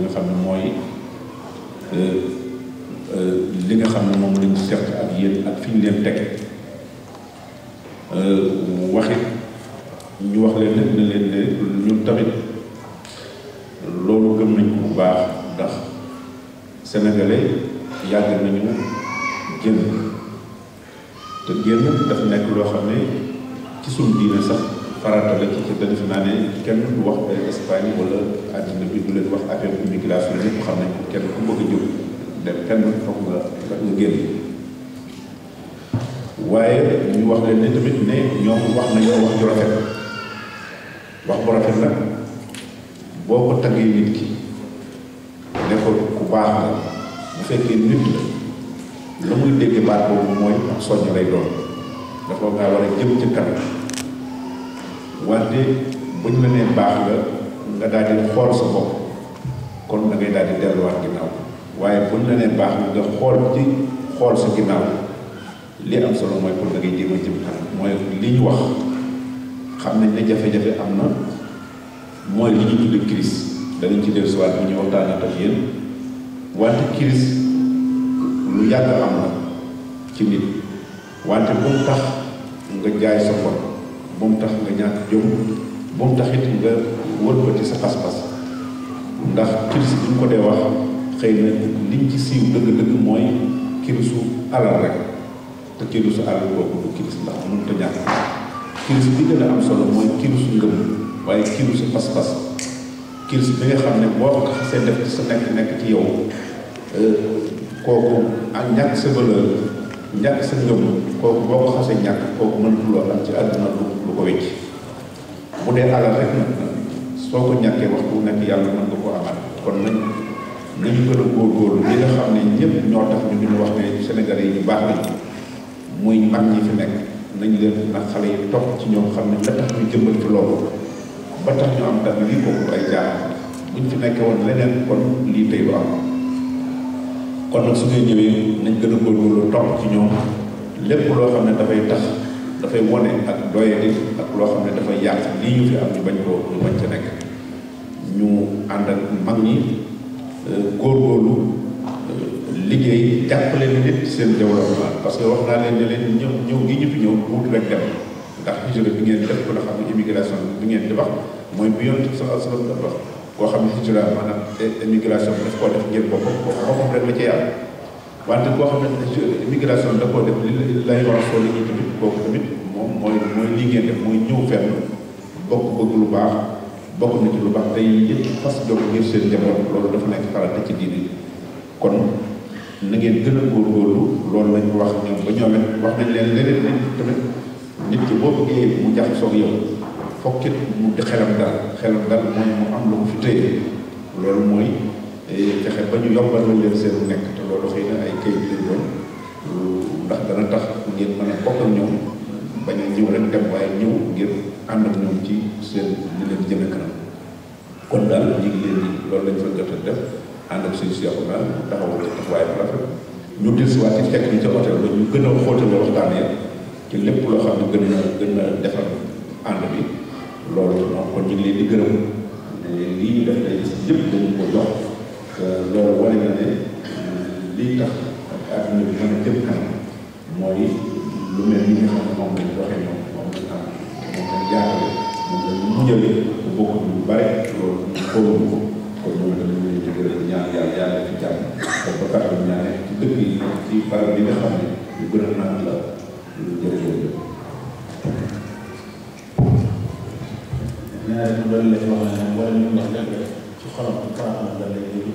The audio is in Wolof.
nga xam ne mooy li nga xam ne moom lañ seq ak yéen ak fi ñu leen teg waxit ñu wax leen ne dina leen ne ñun tamit loolu gëm nañ ko bu baax ndax sénégalais yàgg nañu génn te génn daf nekk loo xam ne ci suñu diine sax farata la ci te def naa ne kenn du wax ay Espagne wala àddina bi du leen wax affaire immigration ñëpp xam nañ kenn ku bëgg a jóg dem kenn foog nga foog nga génn waaye wax leen ne bu rafet nag boo ko taggee nit ki ne ko ku baax la bu fekkee nit la la muy dégg baat boobu mooy soññ lay doon dafa ngaa war a jëm ci kanam wante bu ñu la nee baax la nga daal di xool sa bopp kon da ngay daal di delluwaat ginnaaw waaye bu ñu la nee baax la nga xool ci xool sa ginnaaw li am solo mooy pour da ngay jéem jëm kanam mooy li ñu wax xam nañ ne jafe-jafe mooy li ñu tudd crise danañ ci dellusiwaat bu ñu waxtaanee ak yéen wante crise lu yàgg am na ci nit wante bu mu tax nga jaay sa xol bu mu tax nga ñàkk jom bu mu taxit nga wëlbati sa pas-pas ndax kirist bi ñu ko dee wax xëy na liñ ci siiw dëgg-dëgg mooy kirisu alal rek te kirisu alal boobu du kiris ndax mënut a ñàkk kiris bi gën a am solo mooy kirisu ngëm waaye kirisu pas-pas kiris bi nga xam ne boo ko xasee def ci sa nekk-nekk ci yow euh, kooku ak ñàkk sa valeur ñàkk sa ngëm kooku boo ko xasee ñàkk kooku mënatuloo am ci àdduna lu lu ko wécc bu dee alal rek nag soo ko ñàkkee waxtu bu nekk yàlla mën nga ko amaat kon nag nañu gën a góorgóorlu li nga xam ne ñëpp ñoo tax ñu duñu wax ne Sénégalais yi ñu baax lañ muy mag leen nag xale yi topp ci ñoom xam ne la tax ñu jëmbal ci loolu ba tax ñu am dara lii kooku ay jaar buñ fi nekkee woon leneen kon lii tey am kon nag su ñuy ñëwee nañ gën a góorgóorlu topp ci ñoom lépp loo xam ne dafay tax dafay wone ak doyadi ak loo xam ne dafay yàq lii ñu fi am ñu bañ koo ñu bañ nekk ñu ànd ak mag ñi euh, góorgóorlu euh, liggéey jàppale nit seen développement parce que wax naa leen ne leen ñëw ñëw gi ñu fi ñëw buut rek dem ndax hijra bi ngeen def ko nga xam ne immigration bi ngeen di wax mooy bu yoon sa aslan dafa koo xam ne hijra maanaam émigration bi daf koo def ngir boppam kooku boppam rek la ci yàlla wante koo xam ne émigration da koo def li lay war a soo li ñuy tamit kooku tamit moom mooy mooy lii ngeen def mooy ñëw fenn bokk bëgg lu baax bokk nit lu baax day yëpp fas jog ngir seen njaboot loolu dafa nekk xalaat ci diine kon na ngeen gën a góorgóorlu loolu lañ wax ñoom ba ñoom wax nañ leen leneen nit tamit nit ki boo bëggee mu jaxasoo ak yow fokk it mu di xelam dal xelam dal mooy mu am lu mu fi téye loolu mooy eh, fexe ba ñu yombal lañ leen seen nekk te loolu xëy na ay kayit lañ doon ndax dana tax ngeen mën a bokk ak ñëw rek dem waaye ñëw ngir ànd ak ci seen li leen jëme kanam kon daal ñu loolu lañ fa jot a def ànd ak suñu Cheikh Oumar mu taxawal ci taxawaay bu rafet ñu dellusiwaat ci fekk ñu ca hôtel ba ñu gën a xóotal waxtaan ci lépp loo xam ne gën a defar ànd bi loolu moom kon ñu ngi leen di gërëm ne lii ñu ko jox loolu wane na ne euh, lii tax ak bi mën a jëm kanam mooy lu mel ni nga moom lañ doxee moom moom lañ am moom lañ jaarale moom lañ mujjale bu bokk lu bare loolu ñu xooluñu ko kon ñoom dañu leen di gërëm ñaan yàlla yàlla ci jàmm kon ba kàddu ñaane ci dëkk yi ci barab bi nga xam ne lu gën a naan la lu jërëjëf هذا من ذلك ولا من ذلك فقرأ الكرامة الذي